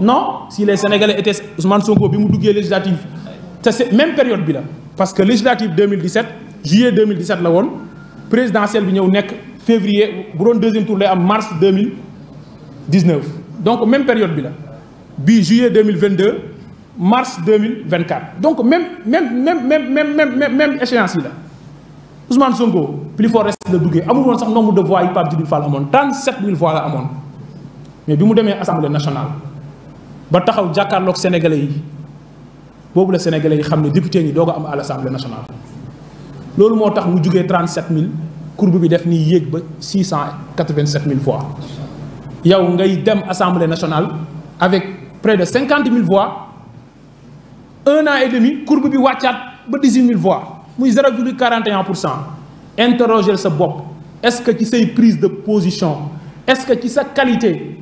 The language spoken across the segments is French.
non si les Sénégalais étaient Ousmane Sonko bi mu duggee législatif c'est même période bi parce que législatif 2017 juillet 2017 la won présidentielle bi février bu deuxième tour lay am mars 2019 donc même période bi juillet 2022 mars 2024 donc même même même même même même échéance là Ousmane Sonko plus fort reste la duggee amul nombre de voix Il parle Djibril Fall amoon 37000 voix la mais bi mu demee assemblée nationale ba taxaw le sénégalais yi bobu la sénégalais yi député ni dogo am à l'assemblée nationale. loolu moo tax mu 37000 courbe bi def ni ba 687000 fois yow ngay dem assemblée nationale avec près de 50 000 voix un an et demi courbe bi wàccaat ba 000 voix muy 0,41 pour 41%. interroger ce bop est-ce que ci une prise de position est-ce que ci sa qualité.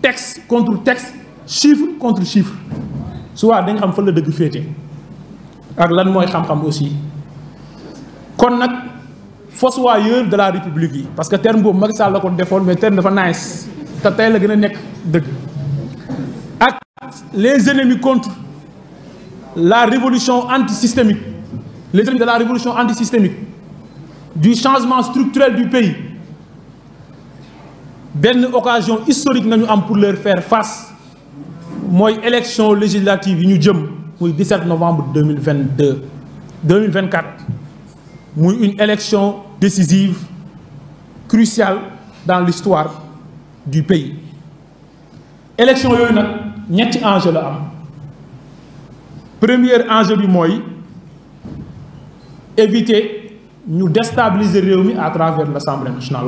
texte contre texte chiffre contre chiffre Soit da nga xam fan la dëgg là, ak lan aussi kon nag fossoyeur de la république parce que terme boobu Macky la ko mais terme de nice te les ennemis contre la révolution antisystémique les ennemis de la révolution antisystémique du changement structurel du pays une occasion historique nous avons pour leur faire face à élection législative nous 17 novembre 2022 2024 une élection décisive cruciale dans l'histoire du pays élection est nag ñetti enjeu premier enjeu du éviter nous déstabiliser à travers l'Assemblée nationale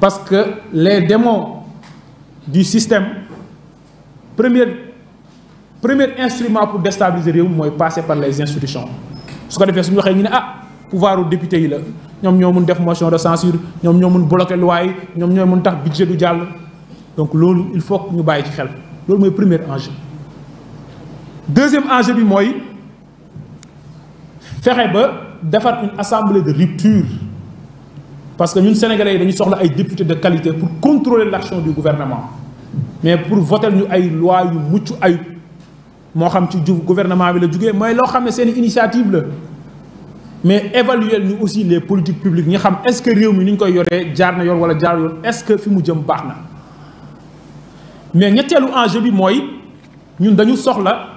parce que les démons du système, premier, premier instrument pour déstabiliser le gens, c'est passer par les institutions. Ce qu'on a fait, c'est que ah, pouvoir aux députés, Ils ont des def motion de censure ils ont des bloquer loi ont ñoom ñoo tax budget du diable. donc il faut que nous bàyyi ci xel le premier enjeu deuxième enjeu c'est de faire une assemblée de rupture parce que nous, Sénégalais, nous sommes des députés de qualité pour contrôler l'action du gouvernement. Mais pour voter des lois, nous avons le gouvernement le mais nous avons une initiative. Mais évaluer nous aussi les politiques publiques. Nous savons est-ce que nous avons yoré, jarna yor wala jar yor, est-ce que fi mu jëm baxna. Mais ñettelu enjeu bi moy ñun dañu soxla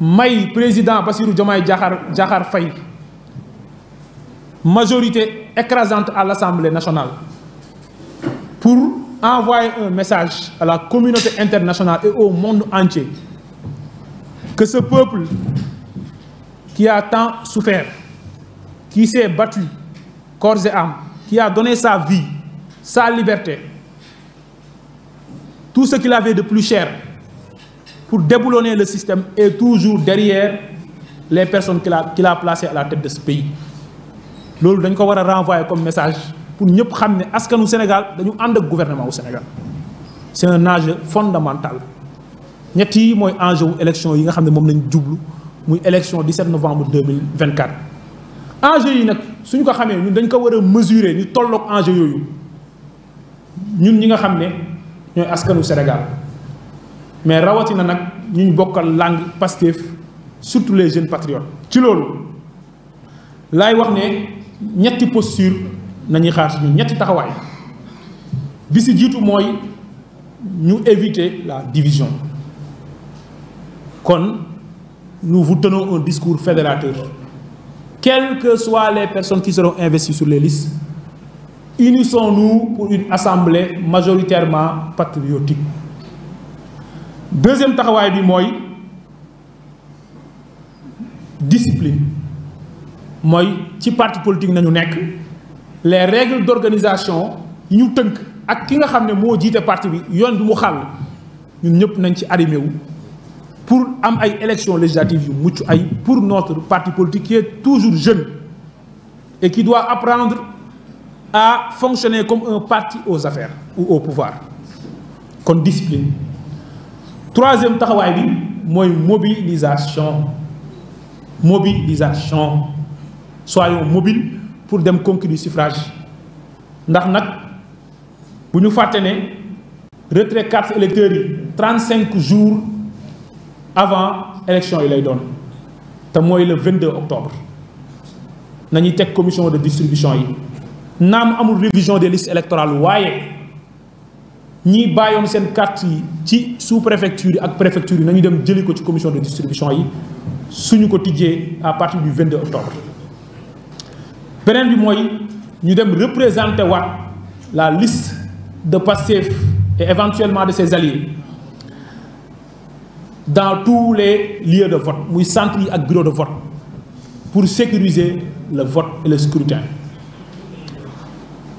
may président Bassirou Diomaye Diakhar Diakhar Faye majorité écrasante à l'Assemblée nationale pour envoyer un message à la communauté internationale et au monde entier que ce peuple qui a tant souffert, qui s'est battu corps et âme, qui a donné sa vie, sa liberté, tout ce qu'il avait de plus cher pour déboulonner le système est toujours derrière les personnes qu'il a, placées à la tête de ce pays. C'est dañ ko wara renvoyer comme message pour ñepp xamné sommes askanu Sénégal nous avons ak gouvernement au Sénégal c'est un enjeu fondamental Nous avons mooy enjeu élection yi nga élection 17 novembre 2024. enjeu yi nag suñ ko xamé ñun dañ ko mesurer nous devons enjeu yoyu ñun ñi nga xamné Sénégal mais nous devons ñu ñu langue Pastef surtout les jeunes patriotes ci lolu lay wax nous posture nañuy xaar a ñetti taxawaay bi nous éviter la division nous vous tenons un discours fédérateur quelles que soient les personnes qui seront investies sur les listes unissons-nous pour une assemblée majoritairement patriotique deuxième taxawaay bi mooy discipline mooy ci parti politique nañu nek les règles d'organisation nous ñu teunk ak ki nga xamné mo jité parti bi yoon bi mu xal ñun ñëpp nañ ci pour am ay élections législatives yu ay pour notre parti politique qui est toujours jeune et qui doit apprendre à fonctionner comme un parti aux affaires ou au pouvoir kon discipline troisième travail, bi moy mobilisation mobilisation soyons mobiles pour dem le suffrage Nous avons bu ñu retrait carte électeurs 35 jours avant l'élection. yi lay le 22 octobre Nañu une commission de distribution yi Nam une révision des listes électorales wayé ñi fait une carte sous préfecture ak préfecture nañu dem commission de distribution yi suñu à partir du 22 octobre beneen bi mooy ñu dem représenter la liste de passifs et éventuellement de ses alliés dans tous les lieux de vote muy centre ak bureau de vote pour sécuriser le vote et le scrutin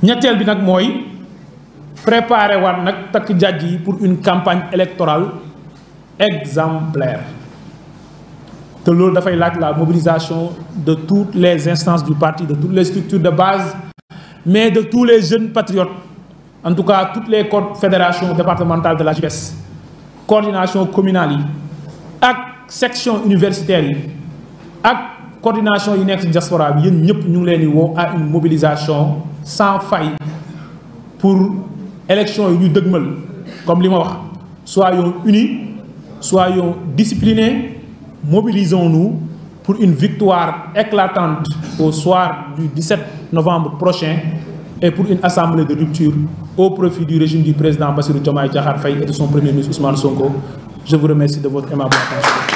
ñettel bi nak moy préparer pour une campagne électorale exemplaire te l'ordre de la mobilisation de toutes les instances du parti de toutes les structures de base mais de tous les jeunes patriotes en tout cas toutes les fédérations départementales de la GPS, coordination communale section universitaire coordination unique diaspora nous avons à une mobilisation sans faille pour l'élection du ñu comme les soyons unis soyons disciplinés mobilisons-nous pour une victoire éclatante au soir du 17 novembre prochain et pour une assemblée de rupture au profit du régime du président Bassirou Diomaye Diakhar et de son premier ministre Ousmane Sonko. Je vous remercie de votre aimable attention.